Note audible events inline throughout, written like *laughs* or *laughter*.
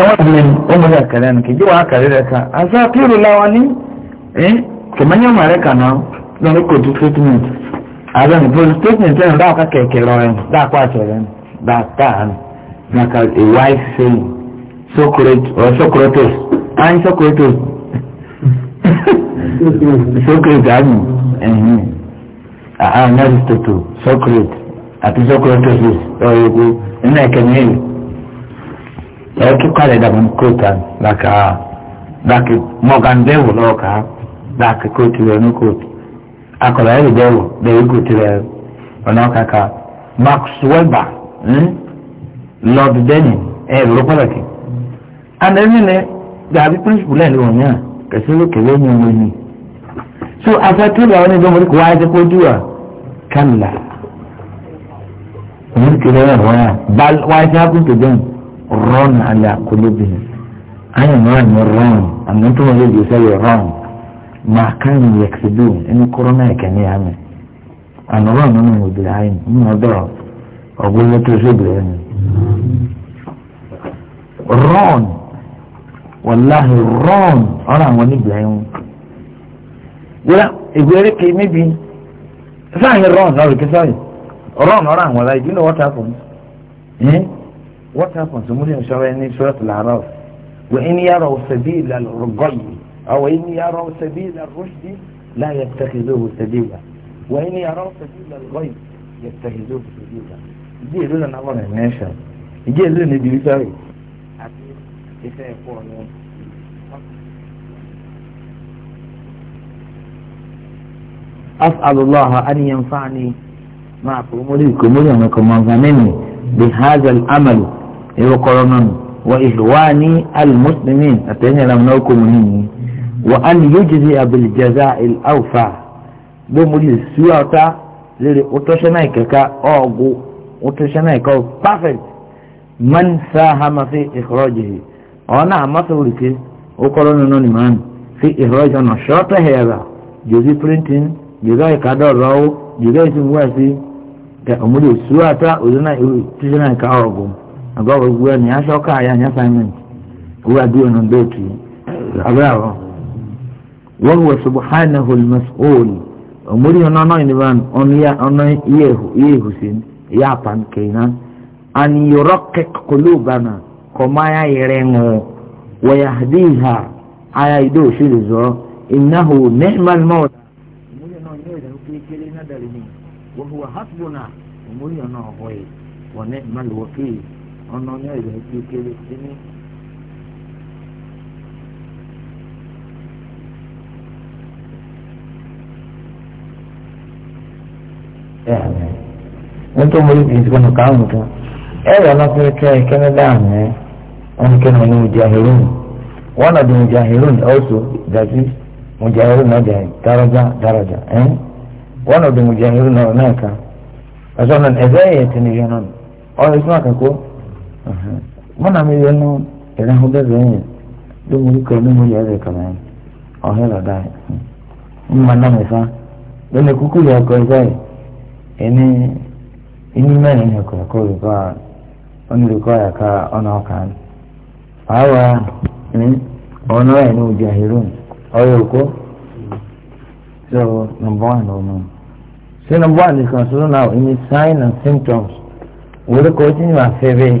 ẹwọ́n mi ọmọ rẹ̀ kẹrẹ́ nù kìí wà kẹrẹ́ rẹ̀ ká àṣà pírù láwọn ní ẹ́ kẹmẹ́yìn ọmọ rẹ̀ kànáà lórí kòtù statement ààrẹ nìbó statement ẹ̀rọ dáàkà kẹ̀kẹ́ lọ rẹ̀ dáàkà àṣẹ rẹ̀ dáàkà rẹ̀ nàkà a wise saying socrates or socrates and socrates *laughs* socrates àmì ẹ̀hìn àhàn aristotle socrates àti socrates ọ̀rọ̀ ìgbé ẹ̀ náà kẹ́mẹ́yìn. ẹ̀ẹ́dún kálẹ̀ dàbọ̀ ní kóòtà dàkà dàkì mọ̀gàn bẹ́ẹ̀wò lọ́wọ́ ká dàkì kóòtù rẹ̀ ní kóòtù akọ̀rọ̀ ẹ̀rì bẹ́ẹ̀wò bẹ́ẹ̀ kóòtù rẹ̀ ọ̀nà kàkà max weber hmm? lord benin ẹ̀ ló pàtàkì. àná ẹ̀mí ni dàbí píríncípù lẹ́ẹ̀lì wọ̀nyí à kẹsí lókè lẹ́yìn ọmọ yìí. so afẹ́tí rẹ̀ ọ̀nà ìjọba orí kò wáyé tẹ́ kó dùwà kálá. òmìnir rọ́ọ̀nù àlẹ́ àkọlébìnrin àyàn náà ní rọ́ọ̀nù àmọ́ tó wọn lè lè sẹ́yẹ rọ́ọ̀nù máa káyìn yẹ̀ksidù ẹni kọ́rọ́nà ẹ̀kẹ́ni àmì àná rọ́ọ̀nù náà wò bìrì àyìn nínú ọ̀dọ́ ọ̀gbọ́n tó ṣe bìrì ẹni. rọ́ọ̀nù wàláhì rọ́ọ̀nù ọ̀rọ̀ àwọn oníbìrì ẹ̀hún. wíwá ìgbéri kì í níbi sáà ní rọ́ọ̀nù ọ̀rọ̀ kí sáà rọ́ọ̀nù ọ̀rọ̀ àwọn ọ̀la ìdí What سمولي to Muslim Sharia in وإن يروا سبيل الرجل أو إن يروا سبيل الرشد لا يتخذوه سبيلا وإن يروا سبيل الغي يتخذوه سبيلا دي لولا لنا الناشا دي لولا نبي يساوي أسأل الله أن ينفعني معكم وليكم وليكم وظنني بهذا الأمل ero koronon wa ihwani almuslimin atenya na mnoko munini wa an yujzi bil jaza'il awfa bo muri suata lere otoshana ikeka ogu otoshana ikeka perfect man sahama fi ikhrajihi ona amasulike o koronon ni man fi ihraj na shota hera jozi printing jozi kadoro jozi wasi ka omuri suata ozana tijana ka ogu agbawo wu ẹni asọka ayé anyi assignment owó adúlọ nù déètì abẹ́rẹ́ wọ́n wọ subuhana holmes ool omori ọ̀nà ọ̀nà ìnìbàn ọ̀nà iye ìhùsìn iye àpàn kẹ̀yìnà àni yọ̀rọ̀ kẹkọ̀lù bana kọ̀mọ́ ayá yẹrẹ ń wọ̀ wọ̀yà àdìhà ayá ìdó òṣèlú zọ ìnáhù nẹ́ẹ̀mán mọ́ọ̀t. omori ọ̀nà ìyẹn ọ̀nà ọ̀họ́ yìí wọ́n nẹ́ẹ̀mán ọ̀nà ní ẹ̀yà ìgbé kéré kíní. wọ́n tó wọlé bìí ìdìbò nìkan àwọn nìkan ẹ̀rọ ọlọ́pẹ́ tẹ́ ẹ̀kẹ́ni dáhùn ẹ̀ wọ́n ní kẹ́ni ní mujahirun one of the mujahirun also that is mujahirun náà jẹ́ daraja daraja ẹ̀ one of the mujahirun náà náà kan ọ̀sán náà ẹ̀fẹ́ ẹ̀yẹ tẹ̀lé yẹn náà ọ̀rọ̀ ìsúná kankan. Uh-huh. Mana mi yẹn nù ẹ̀rẹ́ hó bẹ́ẹ̀ bẹ́ẹ̀ yẹn ló mú kọ́ ló mú yẹ ẹ̀rẹ́ kọ́ mẹ́rin ọ̀hẹ́ lọ́dà yẹn ń ma nà mí fa lónìí kúkú yẹ ọkọ̀ ẹ̀dá yìí ẹni ẹni mẹ́rin yẹ kọ̀ ẹ̀kọ́ olùkọ́ à olùkọ́ yà ká ọ̀nà ọ̀kà ni àwa ni ọ̀nà ẹ̀ ní ojú àhírùn ọ̀yọ̀ òkú so number one ọ̀nà so number one is considered now in its sign and symptoms wòlé kọ́ ọ́ tí ní wàá fẹ́ bẹ́ẹ̀.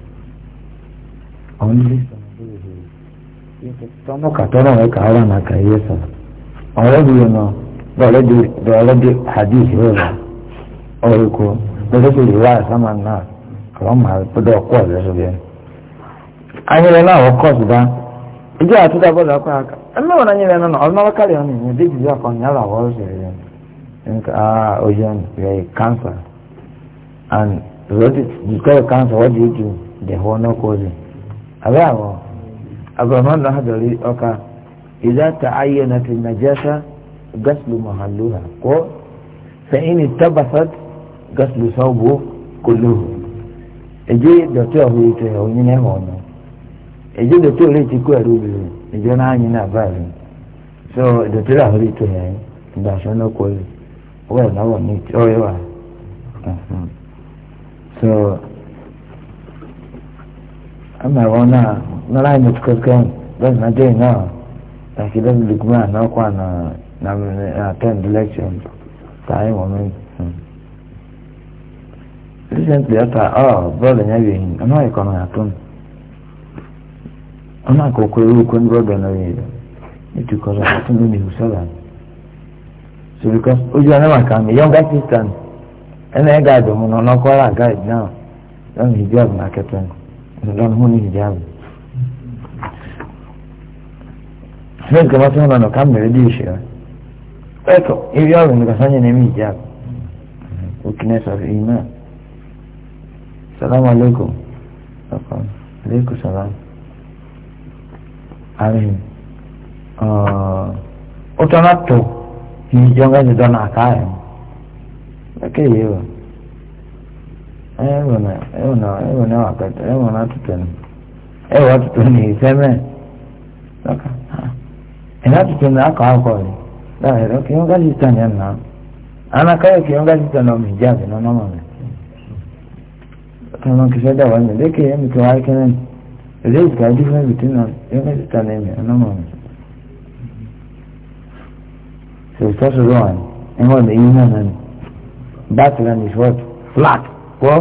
àwọn ilé tọmọkà tọrọ ẹ kà ara màkà iye sọ ọrẹ mi yẹn nọ bọlẹ di bọlẹ di hadith rẹ la ọrẹ kọ lọsẹ tó lè wá àsámà náà àwọn màá gbọ́dọ̀ kọ ẹ lọsọ bẹ́ẹ̀. anyẹlẹ náà wọ kọọsì bá ìjọ àtúntà bọlẹ ọkọ àká ẹnlẹ wọn anyẹlẹ náà ọlọmọdé kárẹ ọ nìyẹn débi ìjọ àkọ ní àlọ cancer and result discover cancer what do you do the abáwọ̀ abdulrahman lahadari ọkà ìdá ta ayé na ti najasa gaslu mahaluha kó fẹ̀yìnì tabasat gaslu sọ́ọ̀bù kòlóhù èjì dọ̀tí ọ̀hún ètò ẹ̀hún ní ẹ̀hún ọ̀nà èjì dọ̀tí ọ̀rẹ́ ti kú ẹ̀rú obìnrin ìjọ náà yín náà báyìí so dọ̀tí ọ̀hún ètò ẹ̀hún ìgbà sọ́nà kọ́lé ọwọ́ ẹ̀ náà wọ̀ ní ọ̀rẹ́ wa ama ɛwɔ no a na line no tukaka na dɛn no a like dɛn na ɔkɔ na na na election saa yi wɔ mi recently ata ɔ brother nya wie hin ɔno ayɛ kɔnɔ ato mu ɔno akɔkɔ ewu kɔn na wie yɛ tu kɔnɔ ato mu ne so because ojú ọ̀nà màkà mi younger sister ẹnna ẹ̀ guide mu na guide now hijab na kẹtẹ́ Rọ̀dọ́n hún ní ìjáàbù. Fẹ́ẹ̀ kí wọ́n tún wọn kà mẹ́rẹ́ dé ìṣe rẹ̀. Ẹ̀kọ́ ibi ọ̀rọ̀ nìkan sáyẹn ní mi ìjáàbù. Weakness of Iman. Salaam alaikum. Alaikum salaam. Àrùn. Ó tọ́ náà tó ẹ̀rọ náà ẹ̀rọ náà ẹ̀rọ náà ni ẹ̀rọ tuntun ni ìfẹ́mẹ́ lọ́kà ẹ̀rọ tuntun ni akọ akọ rẹ̀ láà ẹ̀rọ kí wọ́n gáàsì tàn yẹn nà án akáyọ̀ kí wọ́n gáàsì tàn ọmọ ìjà àbẹ̀ náà nọ́mọ̀ rẹ̀ kí wọ́n kì mi between nà is what flat. kọ́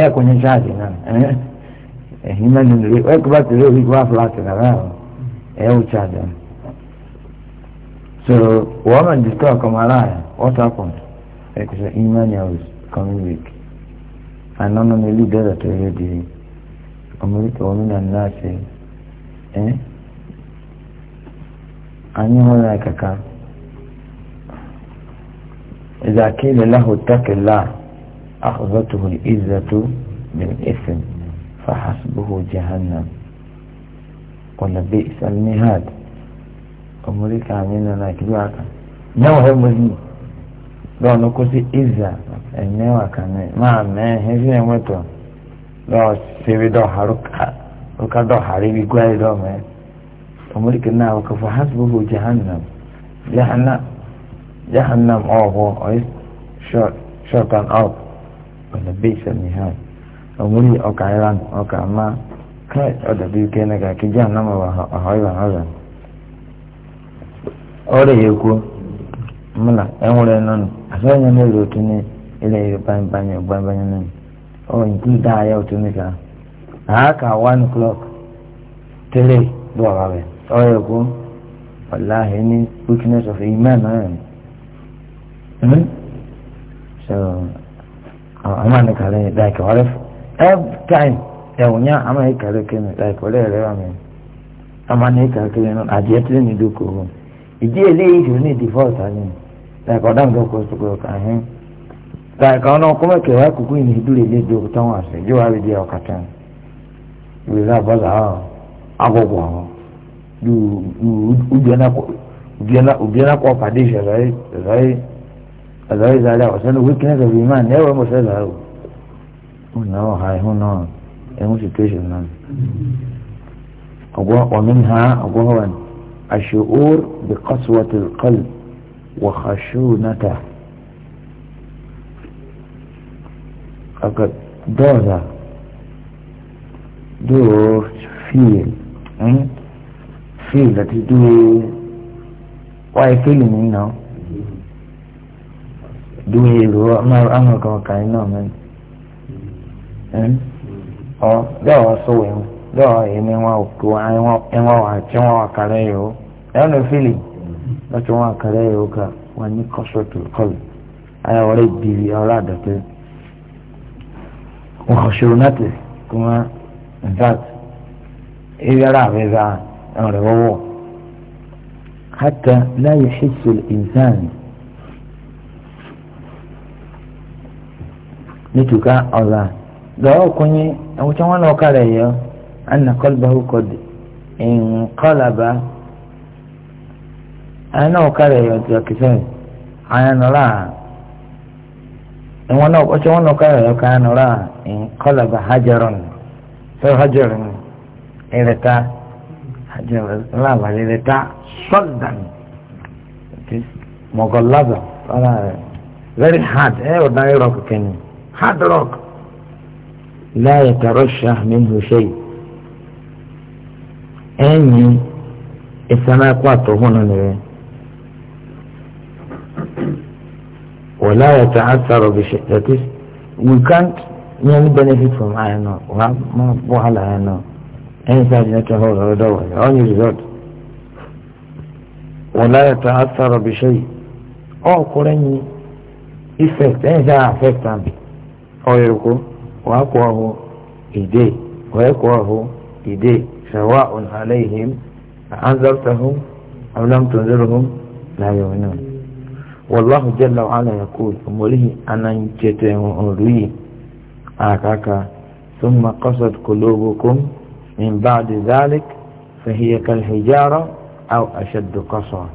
ẹ̀ kò ní ṣáàjì náà ẹ̀yìn náà nínú rẹ̀ ẹ̀ kó bá tẹ̀lé orí wá fúláàtì rárá o ẹ̀ ó ṣáàjì náà. so wọ́n mọ̀ dìtọ́ ọkọ̀mọ ara ẹ̀ what happened ẹ̀ kò sọ emmanuel was coming week àná náà ní ilé ìdọ́dọ̀ tó yẹ di ọmọlẹ́kẹ̀ wọn náà ní láti ẹ̀ anyị hụrụ ya kaka إذا قيل له أخذته العزة بالإثم فحسبه جهنم قل ولبئس المهاد أمريكا عمينا نكبعك نوع مزني لو نقص إزة النوع كان ما ما هذي وتو لو سيبي دو حركة وكا دو حريبي قوي دو ما أمريكا ناو فحسبه جهنم جهنم جهنم أوه أو شو شوت أن أوه wala bai sami ha a muri a kairan a kama kai a da biyu kai na kaki jan nama ba a haiwa hazan ore ya ko muna yan wuri nan a sanya mai rotu ne ila yi bayan bayan bayan bayan nan o in kun da yau tun ka a haka one o'clock tele zuwa babai ore ya ko wallahi ni weakness of iman na yan hmm? so ama ne kare like oref every time ẹwùnyá ama kare like ọlẹ ẹrẹ wa mi kare kene no adìẹ tẹ ní dúkọ o ìdí eléyìí tó ní divorce like ọdọ nǹkan like ọ̀nà ọkùnrin kẹwàá kúkú yìí ìdúró ilé ìdúró tó àṣẹ yóò wá di ọkà الرئيس عليه وسلم ويكنس of في never must have how who know how هنا know any situation man ومنها أبوهن الشعور بقسوة القلب وخشونته أقد دوزا دور فيل إيه؟ فيل التي دور why feeling يعني، you know duye ro amaru amaru kan kan na men en eh? hmm. o oh, dawa so we dawa e me wa ku ai e wa e wa wa che wa kare yo e no fili na hmm. che wa kare yo ka wa ni koso tu kol aya ore bibi ora da te o khashurunate kuma in fact e yara be za ore wo حتى لا يحس الإنسان نتوكا الله دعوة كوني أو تمام لو قال أن قلبه قد انقلب أنا وقال يا تكسر أنا نرى إن وانا أشوف وانا وقال يا كان نرى انقلب حجرا فحجر إلى تا حجر لا بل إلى تا صدا مغلظة very hard eh ordinary rock can you hard rock لا يترشح منه شيء enyi السماء قاطر هنا نوين ولا يتعثر بشيء that is we can't any benefit from iron ore ما وعلى iron ore any side that you hold or do only result ولا يتعثر بشيء all current effect any side affect am. أويركو وأقواه إيدي ويقواه إيدي سواء عليهم أنذرتهم أم لم تنذرهم لا يؤمنون والله جل وعلا يقول أموله أنا انجتهم أولوي أكاكا ثم قصد قلوبكم من بعد ذلك فهي كالحجارة أو أشد قصا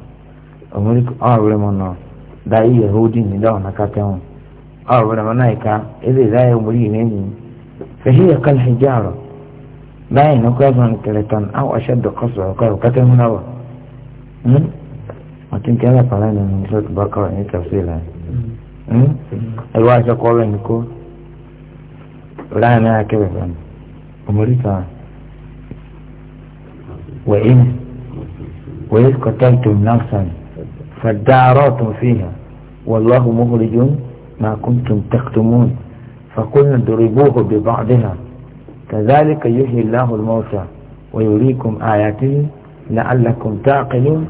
أمريك أعلم آه، النار دا يهودي إيه، ندعو نكاتهم أو رمانايكا إذا لا يمرين إني فهي كالحجارة لا باين من كلتان أو أشد قصوى وقال كتن من هنا وكن كذا فلانا من سورة البقرة يعني تفصيلا الواحد يقول لك لا أنا كذا أمريكا وإن وإذ قتلتم نفسا فادارأتم فيها والله مخرج ما كنتم تكتمون فقلنا اضربوه ببعضها كذلك يحيي الله الموتى ويريكم آياته لعلكم تعقلون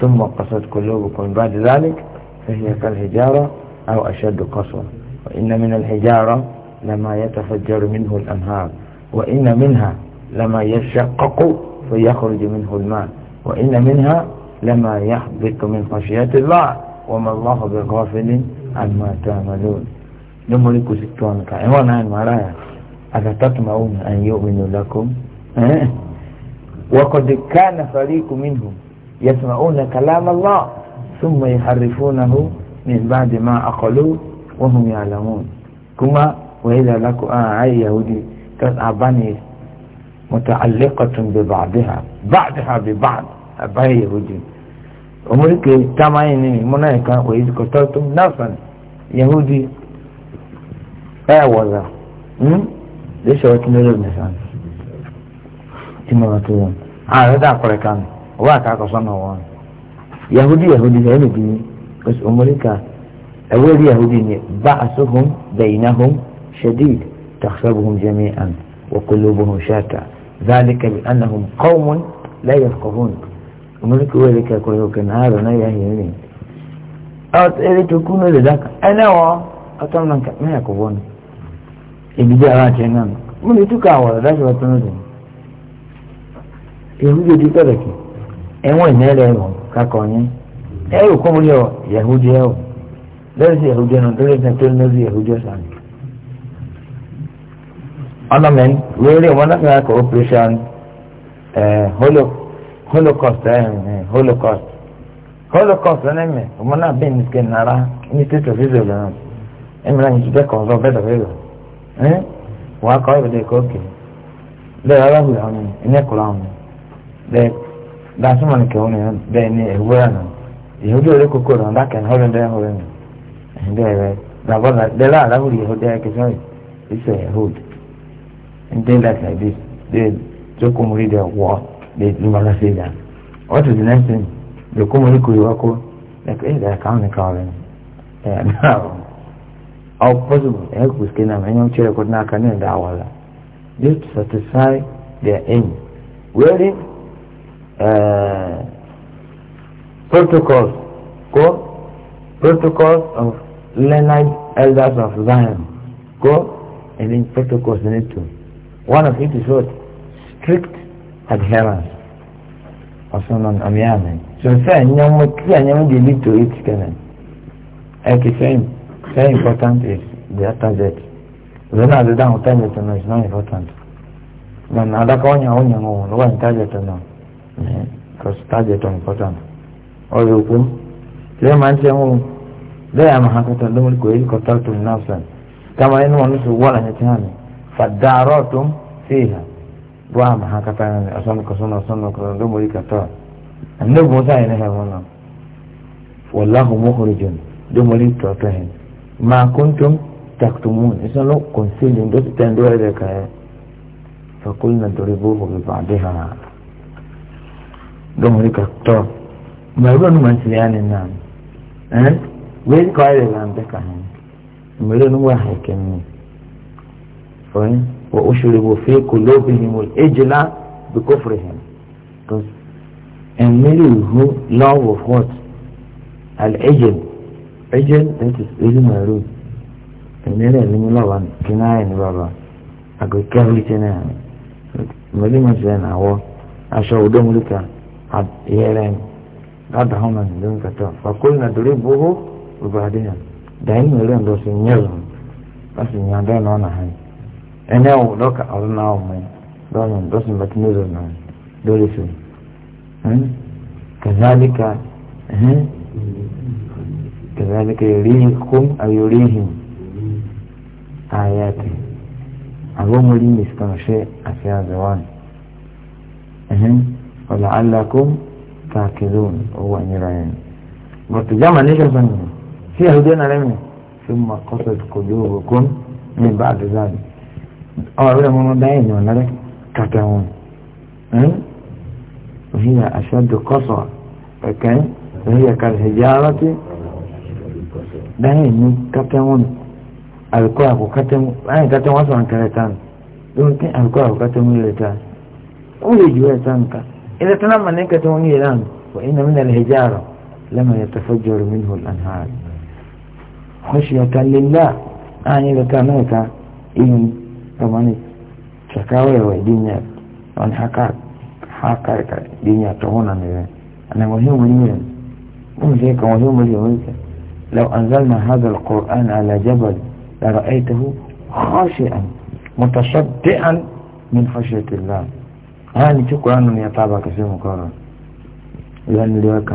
ثم قصت قلوبكم بعد ذلك فهي كالحجارة أو أشد قسوة وإن من الحجارة لما يتفجر منه الأنهار وإن منها لما يشقق فيخرج منه الماء وإن منها لما يحبط من خشية الله وما الله بغافل عما تعملون نملك ستون كعوانا إيه، عن مرايا تطمعون أن يؤمنوا لكم إيه؟ وقد كان فريق منهم يسمعون كلام الله ثم يحرفونه من بعد ما أقلوا وهم يعلمون كما وإذا لكم آه أي يهودي أباني متعلقة ببعضها بعضها ببعض أبا يهودي omurike tamayi nini munaika wa izikototum nafsan yahudi ayawaza hmm? lisha watunelo nesan timabatuwa arada korekan wa ka ko sono won yahudi yahudi ne ne bi kus umurika awali yahudi ne ba'asuhum bainahum shadid tahsabuhum jami'an wa qulubuhum shata ذلك بأنهم قوم لا يفقهون mulki wani ka koyo kan haro na ya yi ne a wata e iri to kuno da daka ai e nawa a ta nan ka me ko bon e bi da ran ten nan mun yi tuka wa da shi wata nan e hu ji ta da ki e won ne le mo ka ko ni e ru ko mun yo yahudi yo da shi yahudi nan da ne to ne yahudi san ana men wele wona ka cooperation eh holocaust ẹ eh, ẹ eh, holocaust holocaust ẹ eh, mẹ ọmọ náà bẹ́ẹ̀ ní nara, ara ní state of israel náà ẹ mìíràn yìí ti bẹ́ẹ̀ kọ́ sọ bẹ́ẹ̀ dọ̀bẹ́ lọ ẹ wàá kọ́ ìbẹ̀dẹ̀ kọ́ òkè bẹ́ẹ̀ aláwọ̀ ìyàwó ni ẹ̀ ní ẹ̀kọ́ra wọn bẹ́ẹ̀ dasọ́mọ̀ ní kẹ́wọ́n nìyẹn bẹ́ẹ̀ ní ẹ̀wúrẹ́ náà ìhòòdì orí kókó náà dákẹ́ni họ́lẹ́ dẹ́ họ́lẹ́ nù bẹ́ẹ̀ rẹ làbọ́dà dẹ́lá aláwọ̀ ìyàwó dẹ́ kẹsàn ìṣẹ̀ ẹ̀hóòdì and they like like this they took him they never What is the next thing? They come and you wako, like, hey, they're coming, calling. Yeah, *laughs* now, how possible? I could skin them, and I'm sure I could not come in that wala. Just to satisfy their aim. Wearing uh, protocols, go, protocols of Leonard elders of Zion, go, and then protocols in it too. One of it is what? Strict adherence or someone amyame so say nyamu kia nyamu dey lead to it kene eki saying very important is the atazet zena adeda utazet no is not important man adaka onya onya ngo no wa utazet no because target on important oyo ku le man se ngo le ama hakata ndo ko il kotartum nafsan kama inu wanu su wala nyatani fadaratum fiha wa ma haka ta ne a san ka suna san ka da muri ka ta annabi musa ne ha wannan wallahu mukhrijun da muri ta ta hin ma kuntum taktumun isan lo concealing do ta ndo da ka fa kulna duribuhu bi ba'daha da muri ka ta ma ruwan man siliyani nan eh wai ka da nan da ka hin mai wa hakin ne وأشربوا في قلوبهم الإجلة بكفرهم because and many who love of what العجل عجل that is really my root and then I mean love and كناية بابا أقول كهوي تناية مالي ما زين أهو أشعر دوم لك عد يلين عد هما دوم كتاب فقلنا ضربوه وبعدين دعين مليون دوسين يلون بس يندان وانا هاي ẹni ẹwọ lọkà ọdún náà ọmọ yìí lọnà lọsùn bàtí mẹsàn náà lórí fún un hmm? kazalika hmm? kazalika yorihim ayorihim ayati abomori miskanṣe àti azawan hmm? ọlọ alakum kakilun owó anyira yẹn bọtù jama níṣẹ sọnyìn sí ẹhùdẹ nàrẹ mi fún ma kọsọ kòjú òkun ní bá àdúrà yìí. أولا rẹ̀ mọ́mọ́ ولا ni كتاون وهي أشد قسوة فكان وهي كالحجارة بهين كتاون الكواب كتاون أي كتاون أصلا كريتان يمكن الكواب كتاون لتان أولي جويتان إذا تنمى أنك توني الآن وإن من الحجارة لما يتفجر منه الأنهار خشية لله أعني لتانيك إن tamani chakawewe dinya on haka haka ka dinya tohona ne ana muhimu ni mzee kama muhimu ni mzee لو أنزلنا هذا القرآن على جبل لرأيته خاشئا متصدعا من خشية الله هاني تقرأن يطابع كثير مقارن لأن لك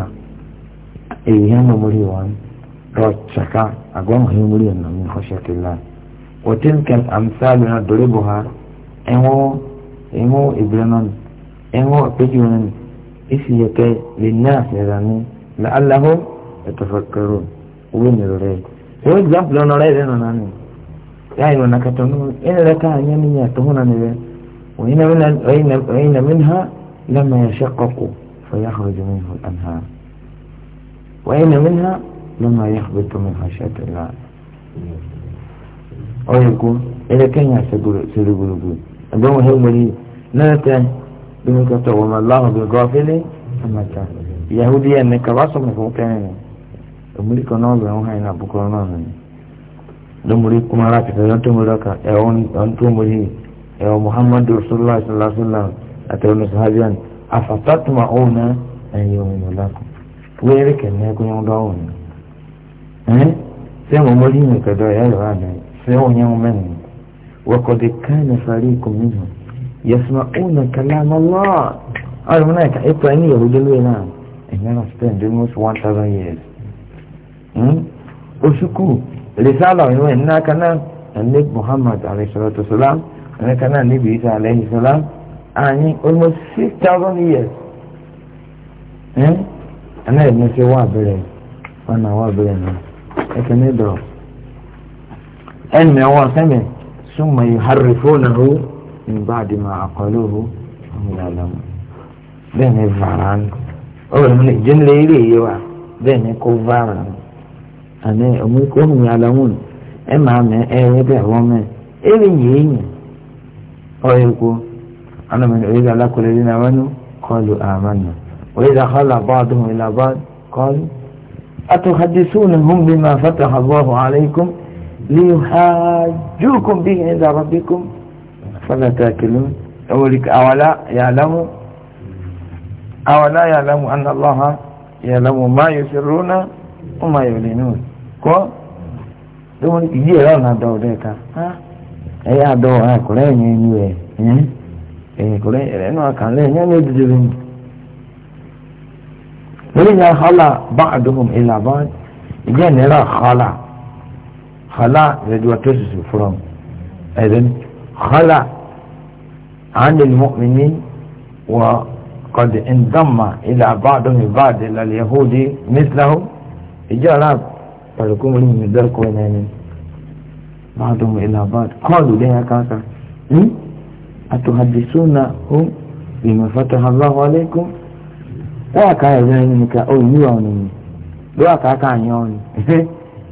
إيهام مريوان رجعك أقوى مهم مريوان من خشية الله وتلك الأمثال نضربها إمو إنه إبرمان إنه بجون إسيك للناس يعني لعلهم يتفكرون وين يريد هو الزف لون نريد أنا نعم يعني وأنك تنون إن لك يعني يتهون نبي وإن من وإن منها لما يشقق فيخرج منه الأنهار وإن منها لما يخبط من خشية الله ọ̀yẹ̀kú ẹlẹ́kẹ̀yìn àṣẹgbòrògbò ẹgbẹ́wọ̀n hẹ́mọ̀rí náà tẹ́ ẹni kẹtọ̀ wọn aláwọ̀ bí gọ́ọ̀fẹ́lẹ́ àmàtà yahudi ẹni kaba sọmọ fún kẹrin ni ọmọdé kan náà bẹ̀rẹ̀ wọn hàn ní àbúkọ náà nìyí lọ́mọdé kúmọ̀ aláàtì fẹ́ lọ́tọ́ mọ́rí ọkà ẹ̀wọ̀n tó mọ́rí ẹ̀wọ̀n muhammadu rasulillah sallallahu alayhi wa sallam àtẹ̀wọ̀n sahabiyan afatatuma ọ̀nà ẹ̀yẹ ọ̀hún ọ̀làkùn wẹ́ẹ́rẹ́ kẹ̀ wọn dọ́wọ́ ni يصنعون يوما وقد كان فريق منهم يسمعون كلام الله قال هناك حتى أن يهودوا لنا إننا spend almost 1000 years وشكو رسالة هنا كان النبي محمد عليه الصلاة والسلام هنا كان النبي عيسى عليه السلام يعني almost 6000 years أنا ابن سوا بلد وأنا وابلد لكن ندرس ẹnu mi àwọn sẹ́mi súnmọ́ yìí harry fóònù nígbà àdìmọ̀ àkọlù ọ̀hún ìlànà bẹ́ẹ̀ ni varan ọ̀rọ̀ mi ìjìnlẹ̀ ilé yìí wa bẹ́ẹ̀ ni kò varan àní ọmọ ikú ọ̀hún ìlànà ẹ̀ máa mẹ ẹ̀ ẹ̀ bẹ́ẹ̀ wọ́n mẹ́ ẹ̀ ẹ̀ yìí yìí ọ̀rọ̀ ikú ọ̀nà mi ò alákùnrin ní àwọn kọlu àmàna ò yẹ kí akọ́lá bá àdúgbò ìlànà bá kọlu. أتحدثونهم بما فتح الله عليكم ليحاجوكم به عند ربكم فلا تاكلون أولك أولا يعلم أولا يعلم أن الله يعلم ما يسرون وما يعلنون كو دون يجي لنا دو ديكا ها أي أدو ها كلين ينوي إيه كلين لأنه كان لين يعني يدجلين ولذا خلا بعضهم إلى بعض يجي نرى خلا خلع that you are traces إذن خلع عن المؤمنين وقد انضم إلى بعضهم بعض إلى اليهود مثله إجارة فلكم لهم من ذلك وينين بعضهم إلى بعض قالوا لها كاكا أتحدثونهم بما فتح الله عليكم لا كاكا يزينك أو يوانين لا كاكا يوانين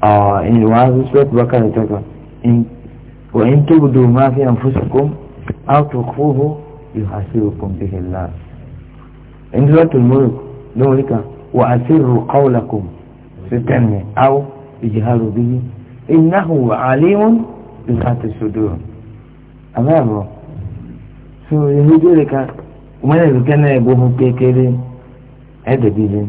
Ah, in wa'azu surat bakara ta ka wa in tubdu ma fi anfusikum aw tukhfuhu yuhasibukum bihi Allah in suratul mulk don rika wa asirru qawlakum sitanni aw ijharu bihi innahu alimun bi dhati sudur amabo so yahudu rika umana rikana ebo mu kekere edebijin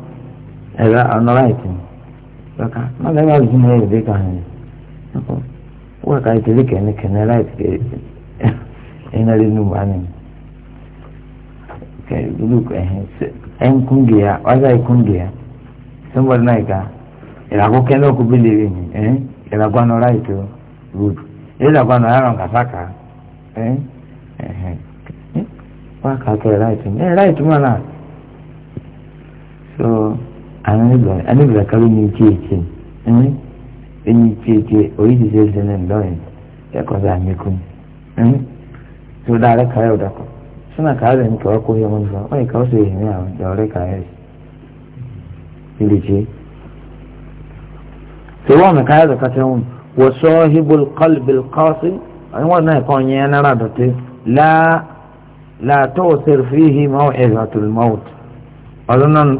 ẹ̀rọ ọ̀nọ́rà ìtàn lọ́ka má lẹ́yìn àlùjù náà yóò dé ká hàn yín wọ́n kene ìtìlí kẹ́ni kẹ́ni láìsí kẹ́ ẹ̀yìn àlè nù wà nìyí kẹ́ ìdúró ẹ̀hìn ẹ̀ń kúndì yá ọ̀dà ìkúndì yá somebody náà ká ìràkó kẹ́ni ọkọ̀ bí lè rí mi ẹ̀hìn ìràkó ọ̀nọ́rà ìtò road ìràkó ọ̀nọ́rà ràn kàfàkà ẹ̀hìn ẹ̀hìn wọ́n ká náà so. anabla anabla kabi ni ikyekye ɛn ɛni ikyekye oyi ti sɛ sɛ ne ndɔyɛ ɛkɔdɛ amikum ɛn so da ale kaayɛ ɔdakɔ sɛnɛ kaayɛ lɛ nkɛ ɔkɔ yɛ ɔmɔ ɔyɛ kaayɛ sɛ yɛ hɛn awɔ da ɔlɛ kaayɛ ilikye so wɔn na kaayɛ dɔkata wɔn wɔ sɔɔhibul bil kɔɔsi ɔyɛ wɔn na ɛkɔ nyɛ nara dɔte laa laa tɔɔ sɛrifihi mɔɔ ɛzɔtul mɔɔt ɔlɔnɔn.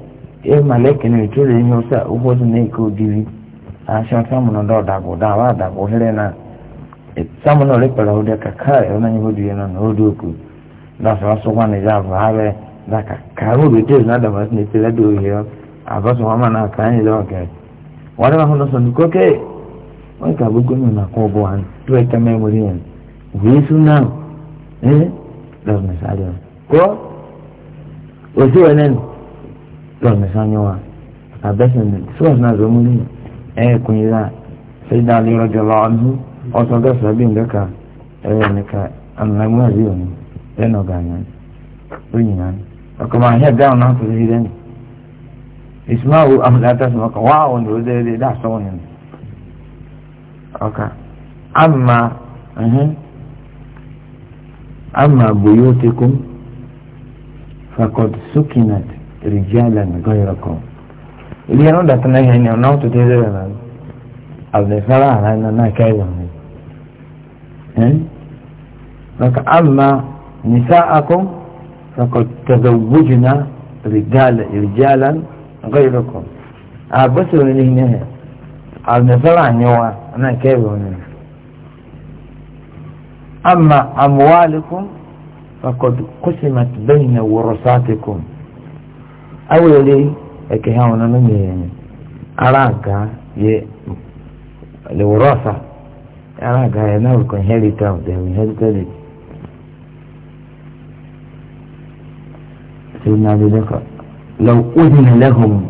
e maleke na echoro ihe ụsa na na-eke odiri asha samụnọ da ọdagwụ dawa adagwụ here na e, samụnọ repara ụdị ka kai onye nọ na ya abụ abịa ka ahụ na adamasị na etela dị ohere abasọ na aka anyị dị ọka wàdà bá fúnlọ sọ̀nù kókè wọ́n kà gbogbo mi nà kọ́ bọ̀ hàn tó ẹ̀ka lọ́ọ̀ mẹ́sàn-án yẹn wá àbẹ́sẹ̀ sọ́ọ̀s náà ló mú ní ẹ̀ẹ́kùn yìí rà ṣẹ́dá alẹ́ rọ́jò lọ́ọ́ ọdún ọ̀sán gẹ́sẹ̀ bí nǹkan kan ẹ̀rọ nìkan ànàmú àbí òní lẹ́nu ọ̀gá yẹn lóyìn náà ọkọ̀ máa hẹ́ gáwọn náà tó yí lẹ́nu wá àwọn sọ́wọ́n yẹn ọkà رجالا غيركم اللي أنا ده تنهي تناهي إني أنا أوت تيزر أنا أبدا صراحة أنا أنا كايزا إيه؟ لك أما نساءكم فقد تزوجنا رجال رجالا غيركم أبصر من هنا او ده سلا صراحة أنا كاي كايزا أما أموالكم فقد قسمت بين ورثاتكم Awele, eke ha wọn nínú yẹn ara aga yẹ lewurọsa ara aga yẹ náà kò inherit am they inherited it سيدنا أبي بكر لو أذن لهم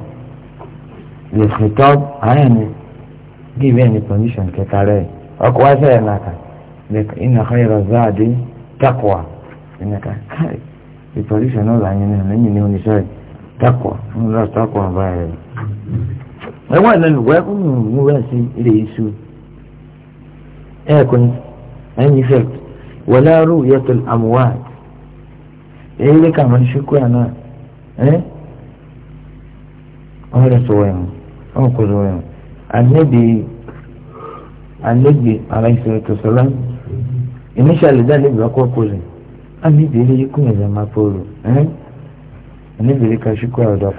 للخطاب عين give any permission كتاري أكو أسأل هناك لك إن خير الزاد تقوى إنك هاي the permission أولا يعني نحن نحن takwa nza takwa baya ẹwà náà nù wẹ́ẹ́ kún mú wá sí ilé isu ẹ̀ẹ́kùn ẹ̀yìn fẹ́ wọlé arú yẹtọ̀ àmúwá èyí lè kà máa ń ṣekú ẹ̀ náà ẹ̀ wọ́n rẹ̀ sọ wẹ̀yìn wọ́n kò sọ wẹ̀yìn ànẹ́bí ànẹ́bí aláìsàn ètò initially dáadé bí wọ́n kọ́ kọ́ rẹ̀ ànẹ́bí eléyìí kún ẹ̀rẹ̀ máa pọ̀ rẹ̀ ani bere ka kwata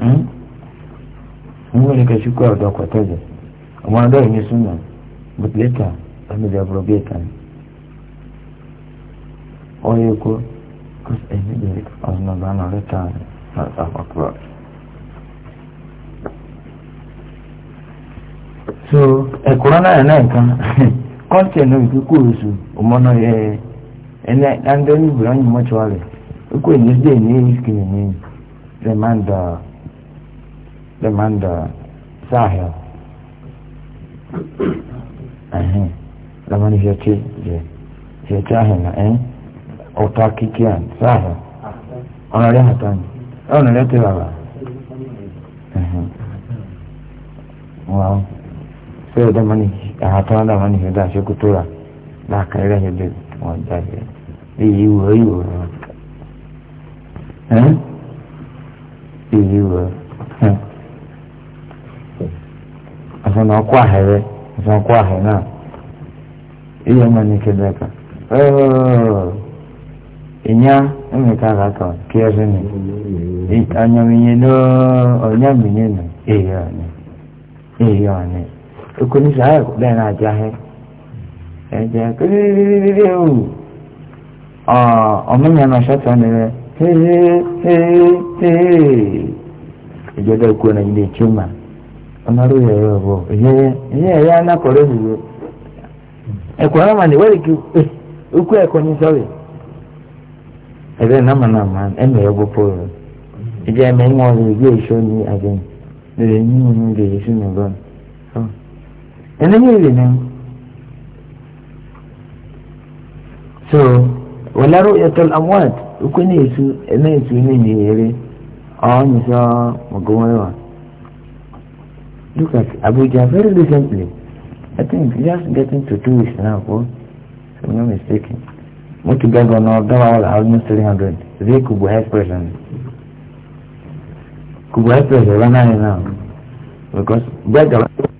hmm mun ka kwata je amma da yin sunna but later an da probeta oye ko kus ani bere ka azna da na reta na ta akwa so ẹkùnrin náà náà nǹkan *laughs* kọ́ńtẹ̀ náà ìdókòwò sùn ọmọ náà ẹ ẹ ẹ ẹ ẹ ń dẹ́nu ìbúra uko nyizde nyingi ni demanda demanda sahel ehe lamani vyeti je vyetahe na eh otakikian sahel onalia hatani onaliate baba ehe wow sio damani hapana damani hida sio kutura na kaira hebe mwanjaje hii iwe iwe iyi wee afọ na ọkụ ahịrị afọ ọkụ ahịrị na ihe mmanya ike dị ka ịnya emeka ga aka ka ezi na anyamịnye n'ọnya mmịnye na ehi ọnị ehi ahụ na ahịa ọ na ìjọba ukwu na ilé chuma ọmọdé yẹrẹ ọbọ ẹyẹ ẹyẹ anakọrọ ìwé ẹkọ náà màní wẹ́rẹ̀ kí ukú eh, ẹkọ ní sọ́ọ̀rì Ebe nàmà nàmà ẹ̀mẹ̀ ẹ̀bọ pọ̀lọ̀ ìjọ ẹ̀mẹ̀ ń wọ́n rẹ̀ gbé ìṣọ́ ní àgbẹ̀yìn lèrè yín ní lèrè sí ní ọgbọ́n ẹni ní ìrìn náà so wọ́n lárò yẹtọ̀ àwọn àti. ukwe na-etu na-etu na enyere ọnụ sọ mọgọmọrọ look at abuja very recently i think just getting to two weeks now for if i'm not mistaken mo ti gbẹ gan-an dollar wall almost three hundred rí kubu health person. kubu health president run out now because bẹ́ẹ̀ gàlá.